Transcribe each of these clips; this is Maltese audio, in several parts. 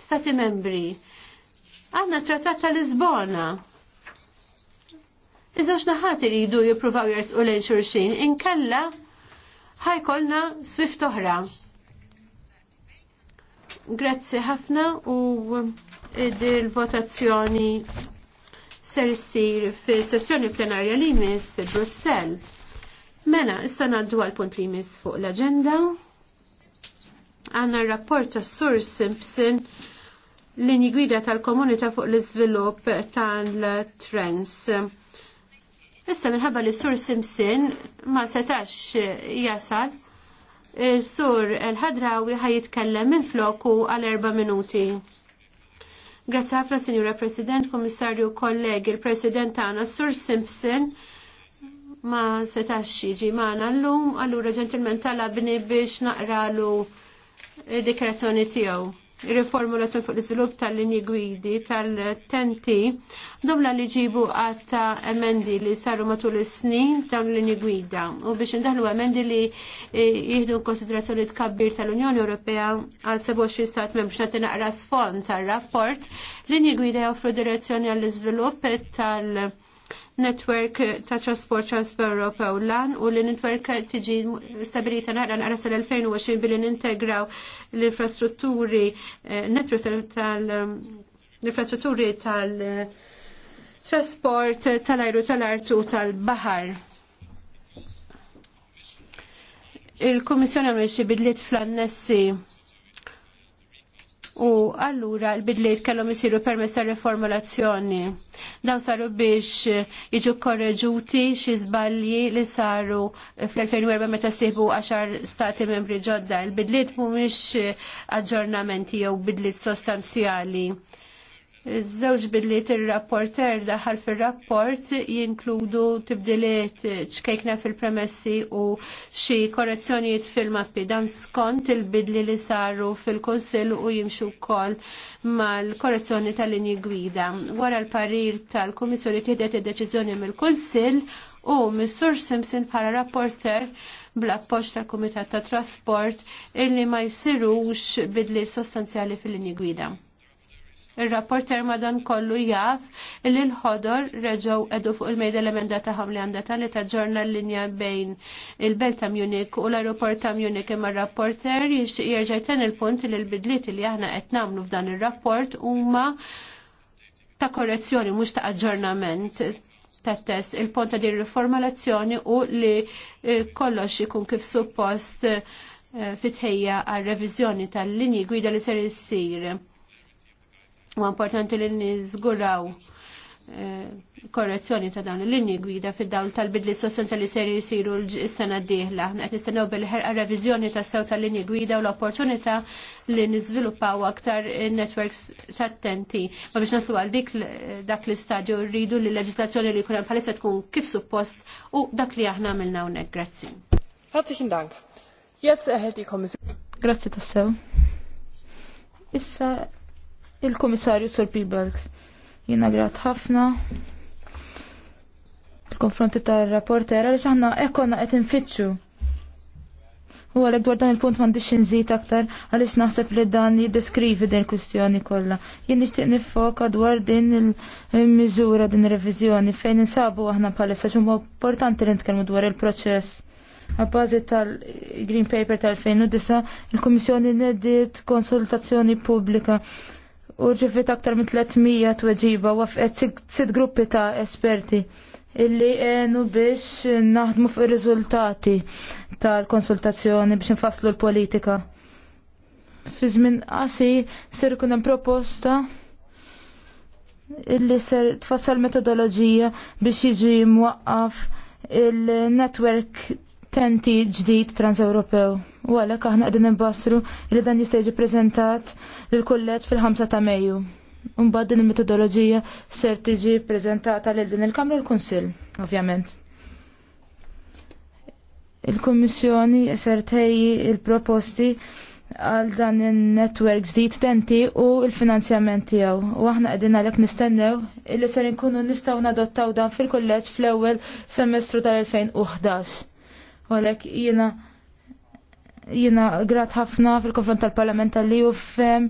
Stati membri, għanna trattat tal-Lisbona. Iżoċ naħat jiprufaw jipruvaw jersqu lejn xurxin, inkella ħajkolna swift oħra. Grazzi ħafna u il-votazzjoni ser sir fi sessjoni plenarja li jmiss fi Brussell. Mela, issa naddu għal punt li jmiss fuq l-agenda għanna rapport ta' Sur Simpson linji gwida tal-komunità fuq l-izvilupp tal-trends. Issa minħabba li Sur Simpson ma setax jasal, Sur el-ħadrawi ħaj jitkellem minn floku għal erba minuti. Grazie ħafna, Signora President, Komissarju, kollegi, il-President għana Sur Simpson ma setax jiġi maħna l-lum, allura ġentilmen talabni biex naqra l-lum dikjarazzjoni tiegħu riformulazzjoni fuq l-iżvilupp tal-linji gwidi tal-TNT domla li ġibu għatta emendi li saru matul is-snin dawn l-linji gwida u biex indaħlu emendi li e, jihdu konsiderazzjoni tkabbir tal-Unjoni Ewropea għal 27 stat membri nagħti naqra sfond tar-rapport linji gwida joffru direzzjoni għall-iżvilupp tal-, -tal netwerk ta' trasport transfer Ewropew lan u li netwerk tiġi stabilita naqra naqra sal-2020 billi nintegraw l-infrastrutturi eh, netwerk tal l-infrastrutturi um, tal trasport tal-ajru tal-artu tal-bahar. Il-Komissjoni għamil xibidliet fl-annessi u allura l-bidliet kellhom isiru permezz ta' riformulazzjoni. Dawn saru biex jiġu korreġuti xi żbalji li saru fl-2004 meta sieħbu 10 stati membri ġodda. Il-bidliet mhumiex aġġornamenti jew bidliet sostanzjali. Iż-żewġ billiet ir-rapporter daħal fir-rapport jinkludu tibdiliet ċkejkna fil-premessi u xi korrezzjonijiet fil-mappi dan skont il-bidli li saru fil-Kunsill u jimxu wkoll mal-korrezzjoni tal-linji gwida. Wara l-parir tal-Kummissjoni tieħdet id-deċiżjoni mill-Kunsill u Mr. Simpson para rapporter bl-appoġġ tal-Kumitat tat Trasport illi ma jsirux bidli sostanzjali fil-linji gwida. Il-rapporter madan kollu jaf li l-ħodor reġaw edu fuq il-mejda l-emenda taħam li għanda tani ta' ġorna l-linja bejn il-belt ta' Munich u l-aeroport ta' Munich imma rapporter ten il-punt li l-bidliet li aħna qed namlu f'dan il-rapport huma ta' korrezzjoni mhux ta' aġġornament ta' test il-punt ta' din riformalazzjoni u li eh, kollox ikun kif suppost eh, fitħejja għal reviżjoni tal-linji gwida li ser issir U importanti li nizguraw eh, korrezzjoni ta' dawn il-linji gwida fid-dawl tal-bidli sostanzjali seri jisiru l sena d-dieħla. Qed bil-ħerqa revizjoni ta' sew tal-linji gwida u l-opportunità li niżviluppaw aktar networks ta' tenti Ma biex naslu għal dik dak l-istadju rridu li l-leġislazzjoni li jkun hemm bħalissa tkun kif suppost u dak li aħna għamilna hawnhekk. Grazzi. Herzlichen Dank. Jetzt erhält die Kommission. Grazzi tassew. Issa il-Komissarju Sur Pilbergs. Jina grat ħafna il-konfronti tal-rapporter għaliex aħna hekk konna qed infittxu. U għalhekk dwar dan il-punt m'għandix inżid aktar għaliex naħseb li dan jiddeskrivi din il-kwistjoni kollha. Jien nixtieq nifoka dwar din il-miżura din ir-reviżjoni fejn insabu aħna bħalissa x'huma importanti li nitkellmu dwar il-proċess. Għabbażi tal-Green Paper tal-2009, il-Komissjoni nediet konsultazzjoni pubblika u ġifit aktar minn 300 tweġiba wafqet sit gruppi ta' esperti illi għenu biex naħdmu fuq ir-riżultati tal-konsultazzjoni biex nfasslu l-politika. Fi żmien qasi ser ikun hemm proposta illi ser tfassal metodoloġija biex jiġi mwaqqaf il network tenti ġdid transewropew. U għalhekk aħna qegħdin imbassru li dan jista' prezentat preżentat lill-kulleġġ fil-5 ta' Mejju. Mbagħad din il-metodoloġija ser tiġi prezentata lil din il-Kamra l-Kunsill, ovvjament. Il-Kummissjoni ser tejji il-proposti għal dan il-network ġdid tenti u il-finanzjament tiegħu. U aħna qegħdin għalhekk nistennew illi ser inkunu nistgħu nadottaw dan fil-kulleġġ fl-ewwel semestru tal-2011. U għalhekk jiena jiena grat ħafna fil-konfront tal-Parlament tal-li u fem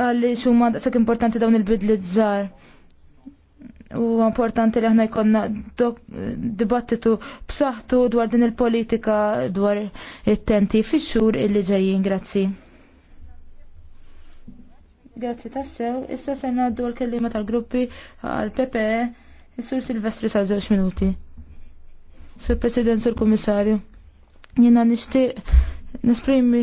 għalli xumma daqsak importanti dawn il-bidlit żgħar. U importanti li aħna jkollna dibattitu b'saħħtu dwar din il-politika dwar it-tenti fix-xhur illi ġejjin, grazzi. Grazzi tassew, issa se ngħaddu l-kelliema tal-gruppi għal-PPE, s sur Silvestri sa' żewġ minuti. Sur President, Sur Komissarju. Jena nishtiq nesprimi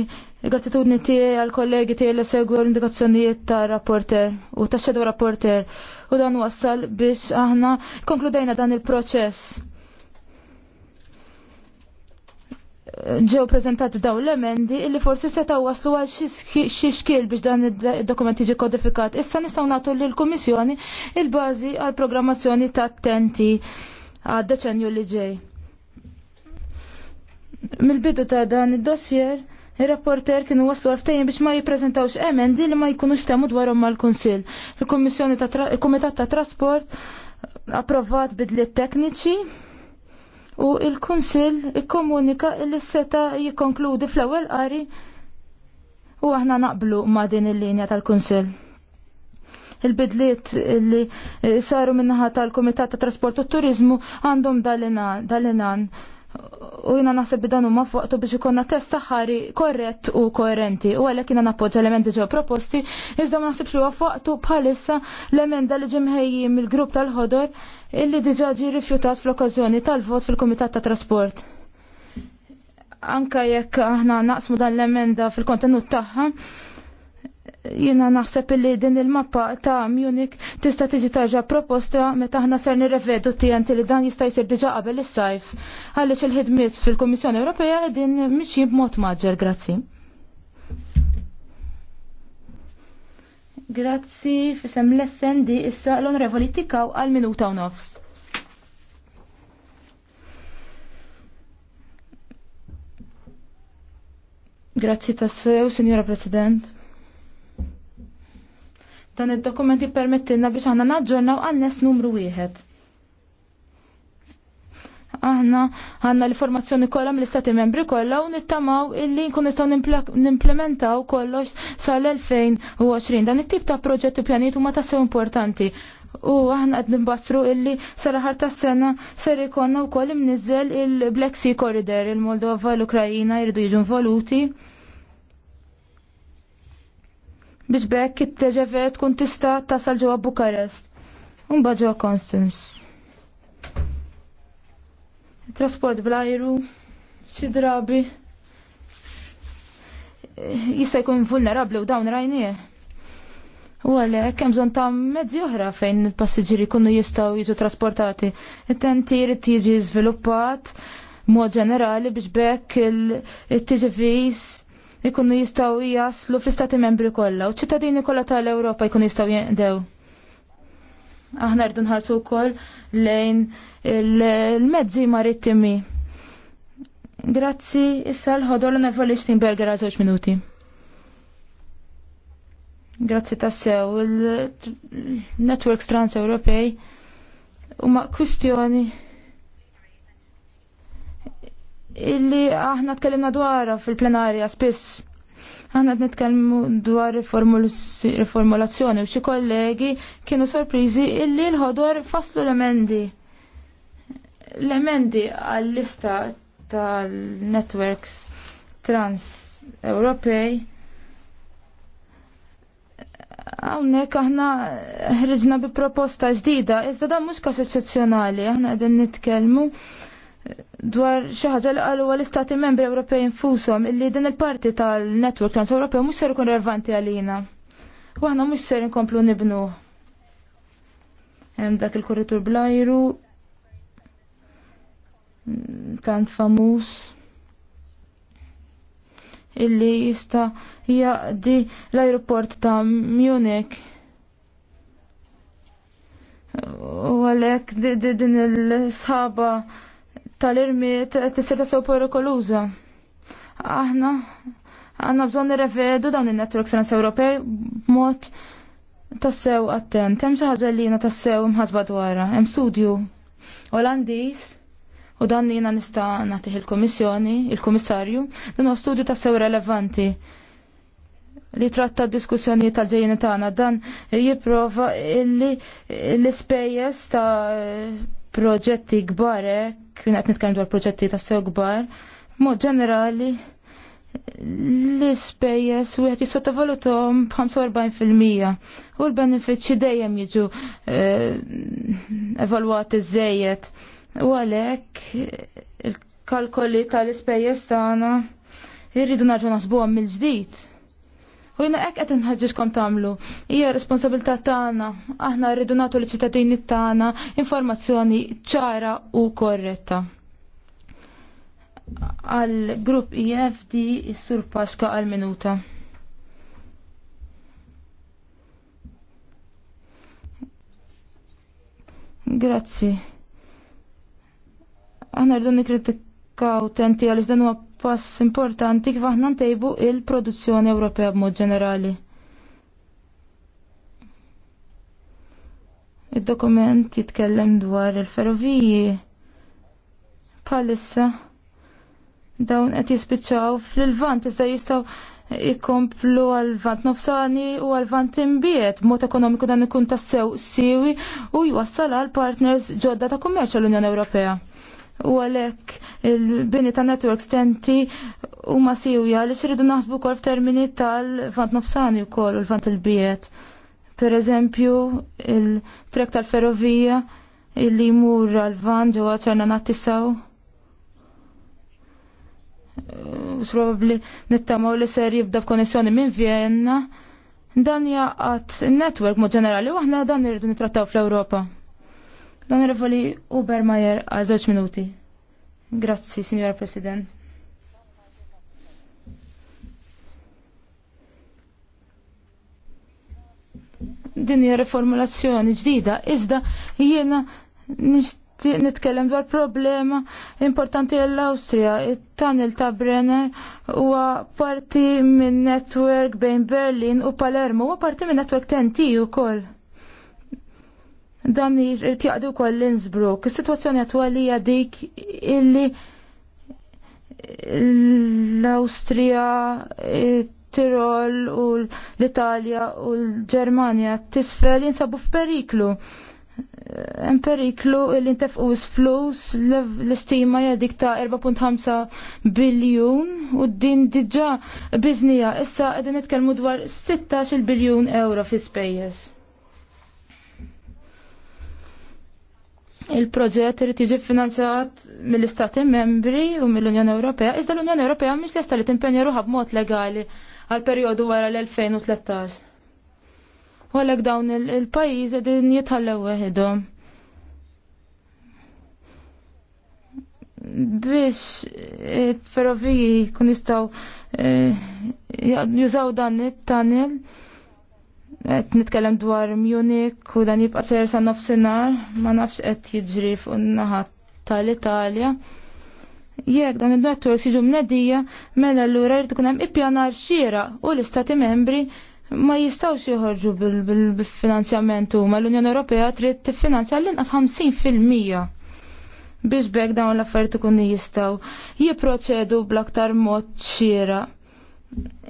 gratitudni tiegħi għal kollegi tiegħi li segwew l-indikazzjonijiet ta' rapporter u ta' xedu rapporter u dan wassal biex aħna konkludejna dan il-proċess. Ġew prezentati daw l-emendi illi forsi setaw waslu għal xi xkil biex dan id dokumenti ġi kodifikat. Issa nistgħu nagħtu lill kummissjoni il-bażi għal programmazzjoni ta' tenti għad-deċenju li ġej. Mill-bidu ta' dan id-dossier, il-rapporter kienu waslu għarftejn biex ma jiprezentawx emendi li ma jkunux temu dwarhom mal-Kunsill. Il-Kummissjoni ta' il-Kumitat ta' Trasport approvat bidliet tekniċi u il-Kunsill ikkomunika li seta jikkonkludi fl-ewwel qari u aħna naqblu ma' din il-linja tal-Kunsill. Il-bidliet li saru minnaħat tal-Kumitat ta' Trasport u Turizmu għandhom dalinan. dalinan u jina naħseb dan u mafuqtu biex ikonna test taħħari korrett u koerenti u għalek jina nappoġġa elementi ġew proposti iżda ma naħsibx li wafuqtu bħalissa l-emenda li ġimħejji mill-grupp tal-ħodor illi diġaġi rifjutat fl-okkazjoni tal-vot fil-Kumitat ta' Trasport. Anka jekk aħna naqsmu dan l-emenda fil-kontenut tagħha, Jiena naħseb illi din il-mappa ta' Munich tista' tiġi tarġa' proposta meta aħna ser nirrevedu tiegħi li dan jista' jsir diġà qabel is-sajf għaliex il-ħidmiet fil-Kummissjoni Ewropea qegħdin mixjin b'mod maġġer, grazzi. Grazzi, fisem l-essendi issa l onrevoli tikaw għal minuta u nofs. Grazzi tassew, Signora President. Dan id-dokument jippermettilna biex aħna naġġornaw għannes numru wieħed. Aħna għanna l-informazzjoni kollha mill-Istati Membri kollha u nittamaw illi nkun nistgħu nimplementaw kollox sal-2020. Dan it-tip ta' proġett u pjanijiet huma tassew importanti. U aħna qed nimbastru illi sal-aħar tas-sena ser ikonna wkoll imniżżel il-Black Sea Corridor, il-Moldova, l-Ukrajina jridu jiġu involuti biex bekk it-TGV tkun tista' tasal ġewwa Bukarest. Umba ġewwa Constance. Trasport bl-ajru, xi drabi jista' jkun vulnerabbli u dawn rajnieh. U għalhekk hemm bżonn ta' mezzi oħra fejn il-passiġġieri jkunu jistgħu jiġu trasportati. It-tenti jrid jiġi żviluppat mod ġenerali biex bekk il-TGVs ikunu jistaw jaslu fl-istati membri kollha u ċittadini kollha tal-Ewropa jkunu jistaw jendew. Aħna rridu nħarsu wkoll lejn il-mezzi marittimi. Grazzi, issa l-ħodol nerfu li Steinberger għal minuti. Grazzi tassew, il-networks trans-Ewropej u ma' kwistjoni illi aħna tkellimna dwarha fil-plenarja spiss. Aħna nitkellmu dwar riformulazzjoni u xi kollegi kienu sorpriżi illi l-ħodor faslu l-emendi. L-emendi għall-lista tal-networks trans-Ewropej għawnek aħna ħriġna bi proposta ġdida, iżda da mux kas eccezjonali, aħna għedin nitkelmu dwar xi ħaġa li qalu l-Istati Membri Ewropej infushom illi din il-parti tal-network trans-Ewropew mhux ser ikun relevanti għalina. U aħna mhux ser inkomplu nibnu. Hemm dak il-korritur blajru tant famuż illi jista jaqdi l-aeroport ta' Munich. U għalek din il-sħaba tal-irmiet tisir sew perikoluża. Aħna għanna bżonn nirrevedu dawn in-networks trans-Ewropej b'mod tassew attent. Hemm xi ħaġa li jiena tassew mħasba dwarha. Hemm studju Olandiż u dan jina nista nagħtih il-Komissjoni, il-Komissarju, dan studju ta' sew relevanti li tratta diskussjoni tal-ġejjeni tagħna dan jipprova illi l-ispejjeż ta' proġetti kbar kien qed nitkellem dwar proġetti ta' sew kbar, mod ġenerali l-ispejjeż wieħed jissottovalutom b'45% u l-benefiċċji dejjem jiġu eh, evalwati żejjed u għalhekk il-kalkoli tal-ispejjeż tagħna irridu narġu nasbuha mill-ġdid. U jina ek qed inħagġiġkom tamlu. Hija responsabilta tagħna. Aħna rridu nagħtu l-ċittadini tagħna informazzjoni ċara u korretta. Għal grupp IFD e is-Sur Paxka għal minuta. Grazzi. Aħna rridu nikritik kawtenti għaliex dan huwa pass importanti kif aħna ntejbu il-produzzjoni Ewropea b'mod ġenerali. Id-dokument jitkellem dwar il-ferroviji bħalissa dawn qed jispiċċaw fil-vant iżda jistgħu jkomplu għal-vant nofsani u għal-vant imbiet mod ekonomiku dan ikun tassew siwi u jwassal għal partners ġodda ta' kummerċ l-Unjoni Ewropea u għalek il-bini ta' network tenti u ma siwja li xridu naħsbu kol f'termini tal-fant nofsani u kol u l-fant il biet Per eżempju, il-trek tal-ferrovija illi jmur għal-van ġewa ċarna nattisaw. U probabli nittamaw li ser jibda konessjoni minn Vienna. Dan jaqat il-network mod ġenerali u aħna dan irridu nitrattaw fl europa L-Onorevoli Ubermajer għal żewġ minuti. Grazzi, Signora President. Din hija riformulazzjoni ġdida, iżda jiena nitkellem dwar problema importanti għall austria Il-tunnel ta' Brenner huwa parti minn netwerk bejn Berlin u Palermo, huwa parti minn netwerk TNT ukoll dan jirtiqdu kol l-Innsbruck. Is-sitwazzjoni attwali dik illi l-Awstrija, Tirol u l-Italja u l-Ġermanja tisfel jinsabu f'periklu. Hemm periklu li ntefqus flus l-istima hija dik ta' 4.5 biljun u din diġà biżnija issa qegħdin nitkellmu dwar 16 biljun euro fi spejjeż. Il-proġett irid jiġi finanzjat mill-Istati membri u mill-Unjoni Ewropea, iżda l-Unjoni Ewropea mhix jista' li timpenja ruħha b'mod legali għal perjodu wara l-2013. U għalhekk dawn il-pajjiż qegħdin jitħallew weħidhom. Biex eh, ferroviji kun jistgħu eh, jużaw dan it tunnel qed nitkellem dwar Munich u dan jibqa' ser sa nofsinhar, ma nafx qed jiġri fuq naħa tal-Italja. Jekk dan id-networks jiġu mnedija, mela allura jrid ikun hemm ippjanar xira u l-Istati membri ma jistawx joħorġu bil-finanzjament huma, ma l-Unjoni Ewropea trid tiffinanzja l-inqas 50% biex bekk dawn l-affarijiet ikun jistgħu jipproċedu bl-aktar mod xieraq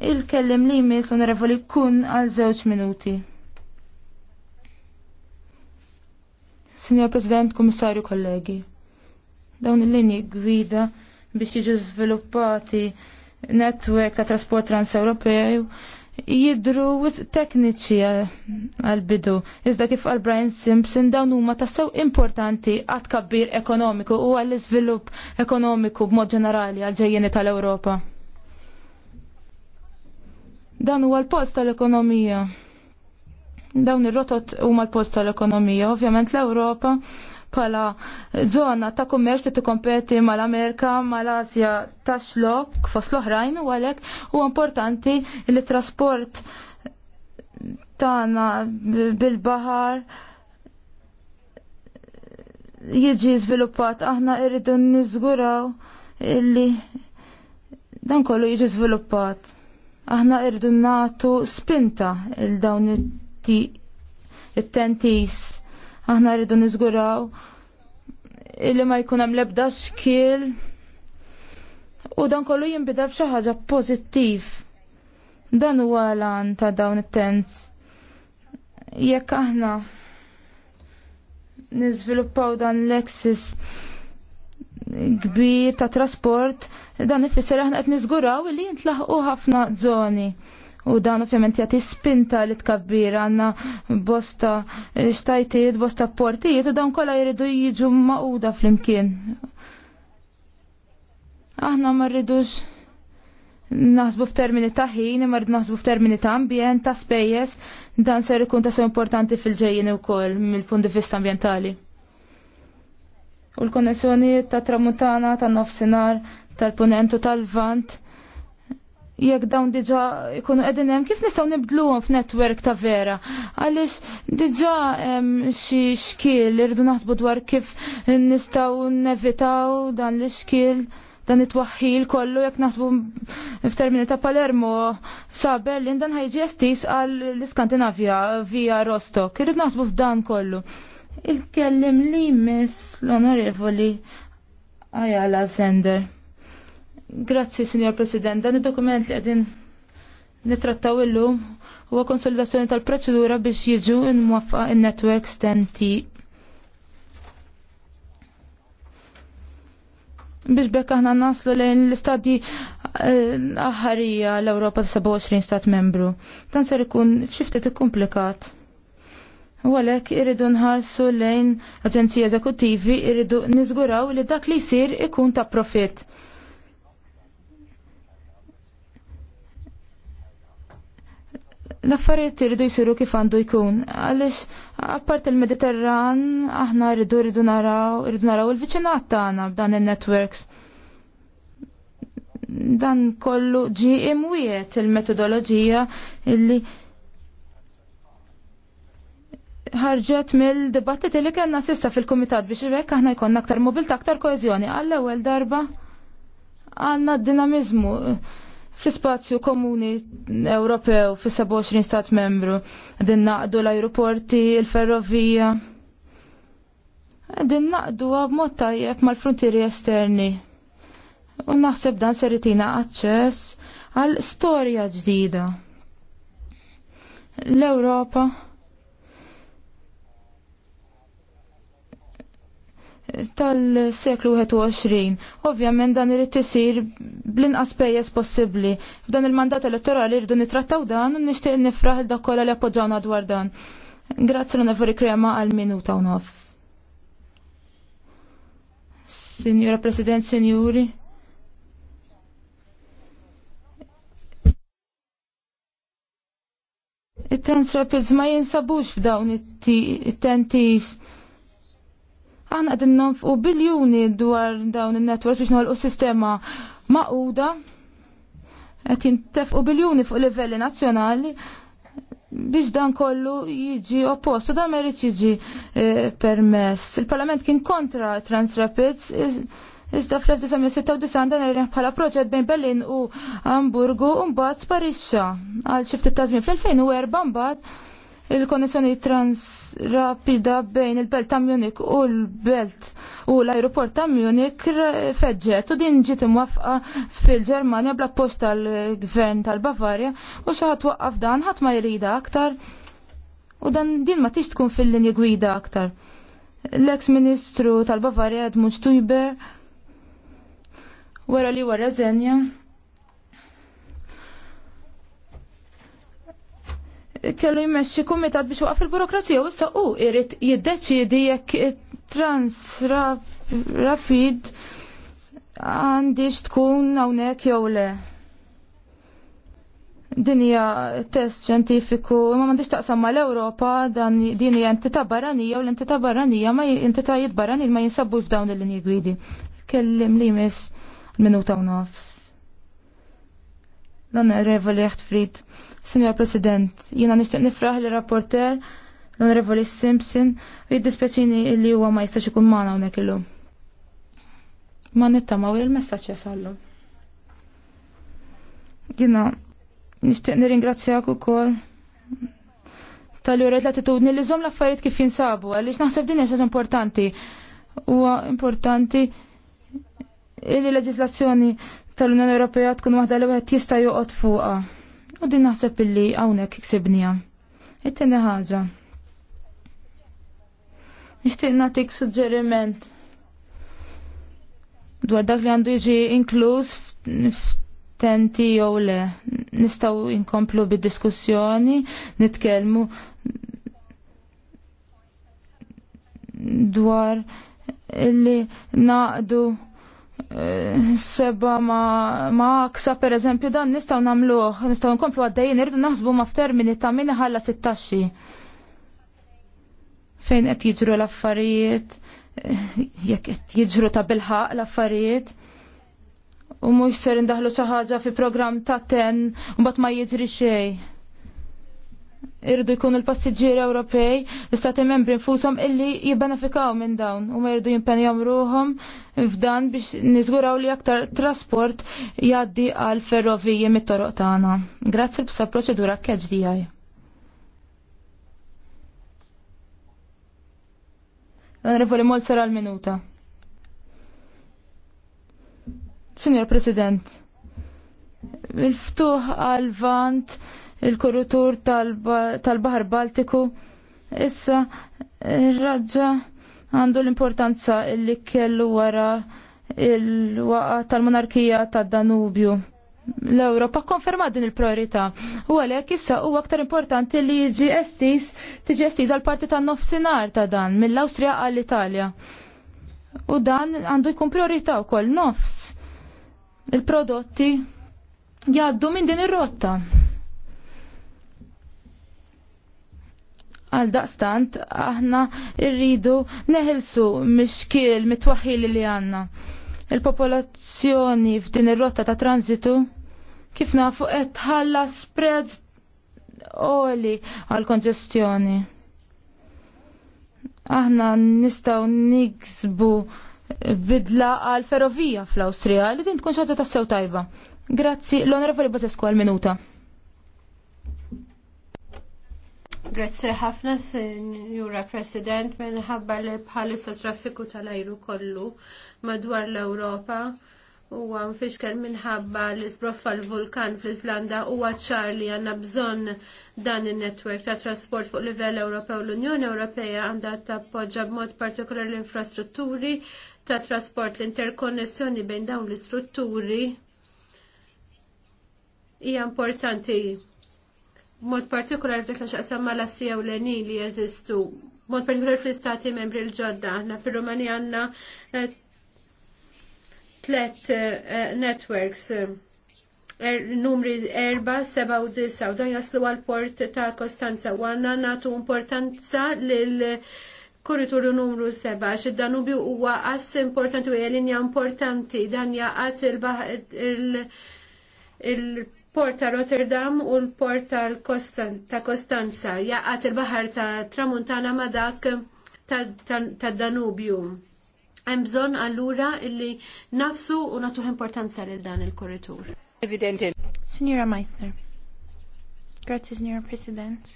Il-kellim li jmiss onorevoli kun għal żewġ minuti. Signor President, Komissarju, kollegi. Dawn il-linji gwida biex jiġu sviluppati netwerk ta' trasport trans ewropej jidru tekniċi għal-bidu. Iżda kif għal Brian Simpson dawn huma tassew importanti għad kabbir ekonomiku u għall-iżvilupp ekonomiku b'mod ġenerali għal ġejjeni tal-Ewropa. Dan huwa l-post tal-ekonomija. Dawn ir-rotot huma l-post tal-ekonomija. Ovvjament l-Ewropa pala zona ta' kummerċ li tikkompeti mal-Amerika, mal-Asja tax-lok fost l-oħrajn u għalhekk huwa importanti li trasport tagħna bil-baħar jiġi żviluppat aħna irridu niżguraw illi dan kollu jiġi żviluppat. Aħna irdu nagħtu spinta il dawn it-tentis. Aħna rridu niżguraw illi ma jkun hemm l-ebda xkiel u dan kollu jinbidel f'xi ħaġa pożittiv. Dan huwa lan ta' dawn it-tents. Jekk aħna niżviluppaw dan l-eksis kbir ta' trasport Dan ifisser aħna qed niżguraw li jintlaħqu ħafna żoni. U dan ovvjament jagħti spinta li tkabbir għandna bosta xtajtiet, bosta portijiet u dawn kollha jridu jiġu maquda flimkien. Aħna ma rridux naħsbu f'termini ta' ħin, ma rridu naħsbu f'termini ta' ambjent, ta' spejjeż, dan ser ikun ta' importanti fil-ġejjin ukoll mill-punt di vista ambjentali u l konnessjoni ta' tramutana ta' nofsinar tal u tal-vant jekk dawn diġa ikunu qegħdin hemm kif nistgħu nibdluhom f'netwerk ta' vera. Għaliex diġa hemm xi xkiel li naħsbu dwar kif nistgħu nevitaw dan l xkil dan it-twaħħil kollu jekk naħsbu f'termini ta' Palermo sa Berlin dan ħajġi estis għal l-Iskandinavja via Rostock. Irrid naħsbu f'dan kollu il-kellim li miss l-onorevoli Ayala Sender. Grazzi, Signor President. Dan il-dokument li għedin nitrattaw illum huwa konsolidazzjoni tal-proċedura biex jiġu imwaffa in-network stenti. Biex bekk aħna naslu lejn l-istadji eh, aħħarija l-Ewropa 27 stat membru. Dan ser ikun f'xi ftit ikkumplikat U għalek irridu nħarsu lejn aġenzija eżekuttivi irridu nizguraw li dak li jisir ikun ta' profit. L-affarijiet irridu jisiru kif għandu jkun, għalix appart il-Mediterran aħna rridu rridu naraw, iridu naraw il-viċinat tagħna b'dan il-networks. Dan kollu ġi imwiet il-metodoloġija illi ħarġet mill-dibattiti li kellna sissa fil-Kumitat biex hekk aħna jkollna aktar mobilta, aktar koeżjoni. Għall-ewwel darba għandna d-dinamiżmu eh, fl-spazju komuni Ewropew fi 27 stat membru. Din naqdu l-ajruporti, il-ferrovija. Din naqdu b'mod tajjeb mal-frontieri esterni. U naħseb dan seritina aċċess għal storja ġdida. L-Ewropa tal-seklu 21. Ovvjament dan irid isir bl-inqas pejjeż possibbli. F'dan il-mandat elettorali rridu nitrattaw dan u nixtieq nifraħ dak kollha li appoġġawna dwar dan. Grazzi l-Neveri Krema għal minuta u nofs. Signora President, Signori. it transrapiz ma jinsabux f'dawn it-tentis Għan għadin nonfqu biljoni dwar dawn il-networks biex nħolqu sistema maquda. Għet jintefqu biljoni fuq livelli nazzjonali biex dan kollu jiġi oppostu, dan merit jiġi eh, permess. Il-parlament kien kontra Transrapids, iżda fl-1996 dan irriħ bħala proġett bejn Berlin u Hamburgu, un-bat sparixxa għal xifti tazmin fl-2004 mbagħad il-konnessjoni transrapida bejn il-belt ta' Munich u l-belt u l-aeroport ta' Munich feġġet u din ġiet imwafqa fil-Ġermanja bla post tal-gvern tal-Bavarja u xi ħadd waqqaf dan ħadd ma jrida aktar u dan din ma tix tkun fil-linja gwida aktar. L-eks ministru tal-Bavarja Edmund Stuyber wara li wara reżenja kellu jmexxi kumitat biex waqaf il-burokrazija u issa u irrid jiddeċiedi jekk trans rapid għandix tkun hawnhekk jew le. Din hija test xjentifiku, ma m'għandix taqsam mal-Ewropa dan din hija barranija u l entita barranija ma entitajiet barranin ma jinsabux f'dawn il-linji gwidi. Kellim li jmiss minuta u nofs. Dan revoli Echtfried. Signor President, jina nishtiq nifraħ li rapporter l-Onorevoli Simpson u jiddispeċini li huwa ma jistax ikun magħna hawnhekk illum. Ma nittamaw il messaġġ jasallu. Jina nixtieq nirringrazzjak ukoll tal juret urejt l-attitudni li żomm l-affarijiet kif jinsabu għaliex naħseb din hija importanti. Huwa importanti li l leġislazzjoni tal-Unjoni Ewropea tkun waħda li wieħed jista' joqgħod fuqha U din naħseb illi hawnhekk ksibnija. It-tieni ħaġa. Nixtieq nagħtik suġġeriment dwar dak li għandu jiġi inkluż f'tenti jew le. Nistgħu inkomplu bid-diskussjoni, nitkellmu dwar illi naqdu seba ma, ma aksa per eżempju dan nistaw namluħ, nistaw nkomplu għaddejjien, irridu naħsbu ma f'termini ta' min ħalla sittaxi. Fejn qed jiġru l-affarijiet, jekk qed jiġru ta' bilħaq l-affarijiet. U mhux ser indaħlu xi ħaġa fi programm ta' ten u mbagħad ma jiġri xejn irridu jkun il passiġġieri Ewropej, l-istati membri nfushom illi jibbenefikaw minn dawn u ma jridu jimpenjom ruhom f'dan biex niżguraw li aktar trasport jgħaddi għal ferroviji mit-toroq tagħna. Grazzi b'sa proċedura catch DI. Onorevoli Molzer għal minuta. Signor President, il-ftuħ għal vant il-kurutur tal-Bahar Baltiku. Issa raġġa għandu l-importanza illi kellu wara il-waqa tal-monarkija tad-Danubju l-Europa konferma din il-priorità. U għalek issa u aktar importanti li jiġi estis tiġi estis għal parti tan nofsinar ta' dan mill-Austria għall-Italja. U dan għandu jkun priorità u koll nofs. Il-prodotti jgħaddu minn din ir-rotta. għal daqstant aħna irridu neħilsu mixkil mitwaħil li għanna. Il-popolazzjoni f'din ir-rotta ta' tranzitu kif nafu qed tħalla spreads oli għal konġestjoni. Aħna nistaw niksbu bidla għal ferrovija fl-Awstrija li din tkun xaġa ta' sew tajba. Grazzi, l-onorevoli Bazesku għal minuta. Grazie ħafna, Sinjura President, minħabba li bħalissa traffiku tal-ajru kollu madwar l-Ewropa u għan fiskel minħabba li sbroffa l-vulkan fl-Izlanda u għacċar li għanna bżon dan il-netwerk ta' trasport fuq livell Ewropew l-Unjoni Ewropea għandha tappoġġa b'mod partikolar l-infrastrutturi ta' trasport l-interkonnessjoni bejn dawn l-istrutturi hija importanti mod partikolari f'dak li xaqsamma l-assija u l-eni li jeżistu. Mod partikolari fl-istati membri l-ġodda, na fil-Romani għanna eh, tlet eh, networks. Er, numri 4, 7 u 9, u dan jaslu għal-port ta' Kostanza, u għanna natu importanza lil kurritur numru 7, xed dan ubi huwa għas importanti u għelinja importanti, dan jaqat il-baħ il port ta' Rotterdam u l-port ta' Kostanza jaqat il-bahar ta' Tramuntana ma' dak ta' Danubju. Hemm bżonn allura illi nafsu u nagħtuh importanza lil dan il-korritur. Presidente. Signora Meissner. Grazie, signora President.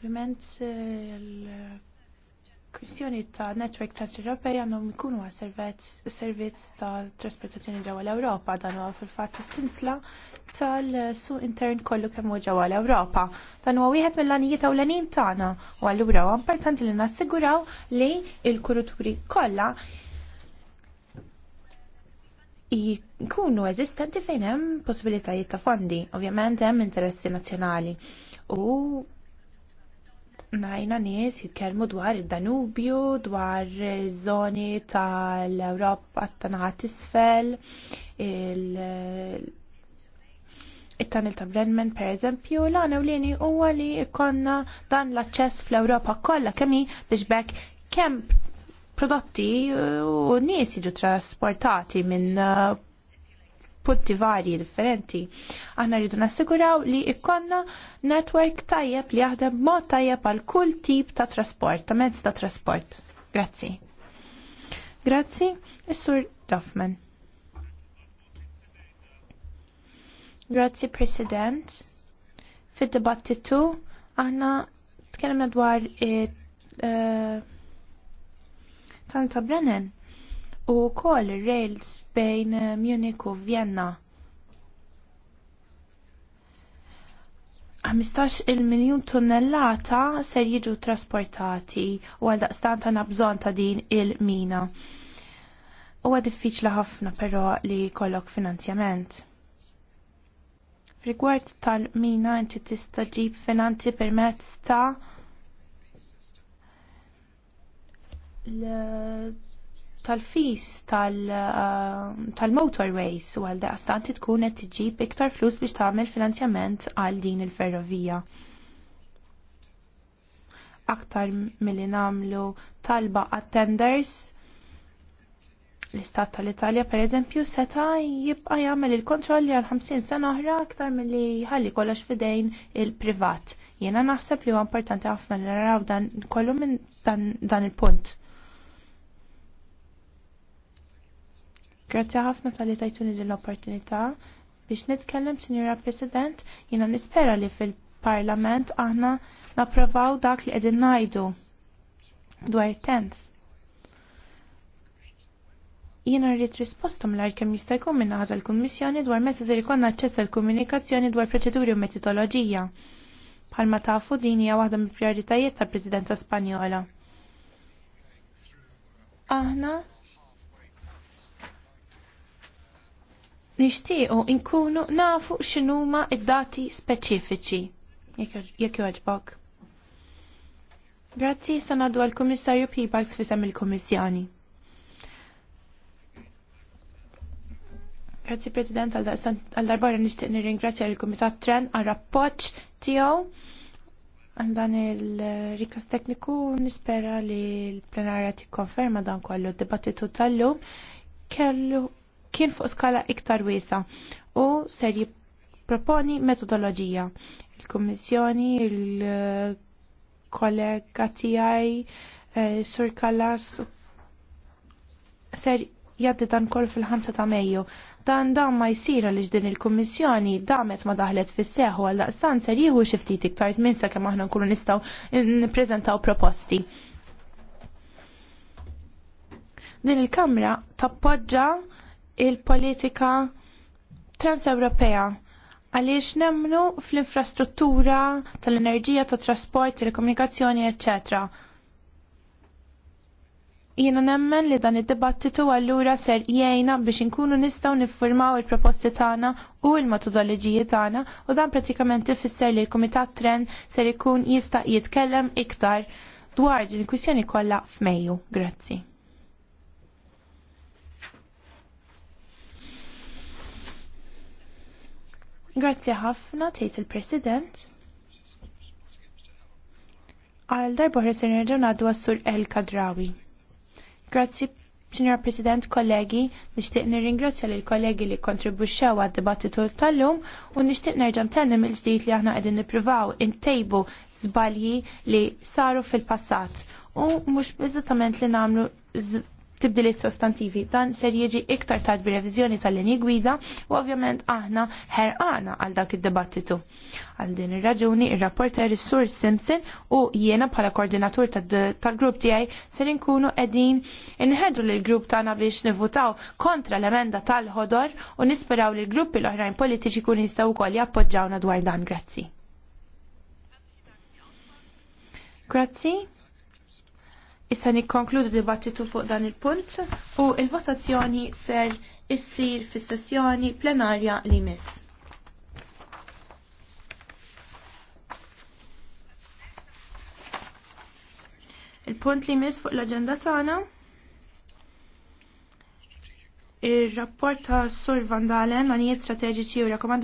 Ovvjament, eh, kwistjoni ta' netwerk trans-Ewropej għandhom ikunu servizz ta' trasportazzjoni ġewwa l-Ewropa dan huwa fil-fatt is-sinsla tal-suq intern kollu kemm hu ġewwa l-Ewropa. Dan huwa wieħed mill-għanijiet ewlenin tagħna u allura huwa importanti li nassiguraw li l-kuruturi kollha jkunu eżistenti fejn hemm possibilitajiet ta' fondi, ovvjament hemm interessi nazzjonali. U najna nies jitkellmu dwar id-Danubju, dwar żoni tal-Ewropa tan-naħat isfel, it tunnel ta' Brenman per eżempju, l-għana u l-lini huwa li ikonna dan l-aċċess fl-Ewropa kollha kemmi biex bekk kemm prodotti u nies jiġu trasportati minn uh, punti varji differenti. Aħna rridu nassiguraw li ikkonna netwerk tajjeb li jaħdem mod tajjeb għal kull tip ta' trasport, ta' mezz ta' trasport. Grazzi. Grazzi, is-Sur Duffman. Grazzi, President. Fid-dibattitu, aħna tkellimna dwar e, e, eh, Tanta Brennan u wkoll ir rails bejn Munich u Vienna. 15 il miljun tonnellata ser jiġu trasportati u għal daqstan tagħna bżonn ta' din il-mina. Huwa diffiċli ħafna però li jkollok finanzjament. Rigward tal-mina inti tista' ġib finanzi permezz ta' tal-fis uh, tal-motorways u għal daqstanti tkun qed tiġib iktar flus biex tagħmel finanzjament għal din il-ferrovija. Aktar milli nagħmlu talba għat-tenders l-istat tal-Italja pereżempju seta jibqa' jagħmel il-kontrolli għal 50 sena oħra aktar milli jħalli kollox f'idejn il-privat. Jiena naħseb li huwa importanti ħafna li naraw dan kollu minn dan il-punt Grazzi ħafna tal-li tajtuni din l-opportunità biex nitkellem, Sinjura President, jina nispera li fil-Parlament aħna napprovaw dak li qegħdin ngħidu dwar it-tent. Jiena rrid risposta mill kemm jista' jkun minn ħaġa l-Kummissjoni dwar meta se jkollna aċċess l komunikazzjoni dwar proċeduri u metodoloġija. Bħalma tafu din hija waħda mill-prijoritajiet tal-Presidenza Spanjola. Aħna nixtiequ inkunu nafu x'inhuma id-dati speċifiċi. Jekk joħġbok. Grazzi sanadu għal-Kummissarju Pibalks fisem il-Kummissjani. Grazzi President għal-darbara nishtiq nirringrazzja l-Kumitat Tren għal-rapport tiegħu għal dan il-rikas tekniku nispera li l-plenarja tikkonferma dan kollu d-dibattitu tal-lum kellu kien fuq skala iktar wiesa u ser jipproponi metodoloġija. Il-Kummissjoni, il-kollega tiegħi, eh, Sur Kallas ser jaddi dan kol fil-5 ta' Mejju. Dan dan ma jsir li din il-Kummissjoni damet ma daħlet fis-seħħ għal daqstan ser jieħu xi ftit iktar żmien sakemm aħna nkunu nistgħu nippreżentaw proposti din il-kamra tappoġġa il-politika trans-Ewropea għaliex nemnu fl-infrastruttura tal-enerġija, tat-trasport, telekomunikazzjoni, eccetera jiena nemmen li dan id-dibattitu allura ser jgħina biex inkunu nistgħu niffurmaw il-proposti tagħna u l-metodoloġiji tagħna u dan pratikament ifisser li l-Kumitat Tren ser ikun jista' jitkellem iktar dwar din il-kwistjoni kollha f'Mejju. Grazzi. Grazzi ħafna tgħid il-President. Għal darba ħresir nerġgħu ngħaddu għas-Sur El Kadrawi. Grazzi Signor President, kollegi, nixtieq nirringrazzja lill kollegi li kontribuxxew għad-dibattitu tal-lum u nixtieq nerġa' tennim il-ġdid li aħna qegħdin nippruvaw intejbu żbalji li saru fil-passat u mhux bizzatament li nagħmlu tibdiliet sostantivi. Dan ser jiġi iktar tard revizjoni tal-linji gwida u ovvjament aħna ħerqana għal dak id-dibattitu. Għal din ir-raġuni ir-rapporter is-Sur Simpson u jiena bħala koordinatur tal-grupp tiegħi ser inkunu qegħdin inħeġu lil grupp tagħna biex nivvutaw kontra l-emenda tal-ħodor u nisperaw li l-gruppi l-oħrajn politiċi kun jistgħu wkoll jappoġġawna dwar dan. Grazzi. Grazzi. Issa nikkonkludu dibattitu fuq dan il-punt u il-votazzjoni ser issir fis-sessjoni plenarja li miss. Il-punt li miss fuq l-agenda tagħna ir-rapport ta' Sur Vandalen għanijiet strateġiċi u rakkomandazzjoni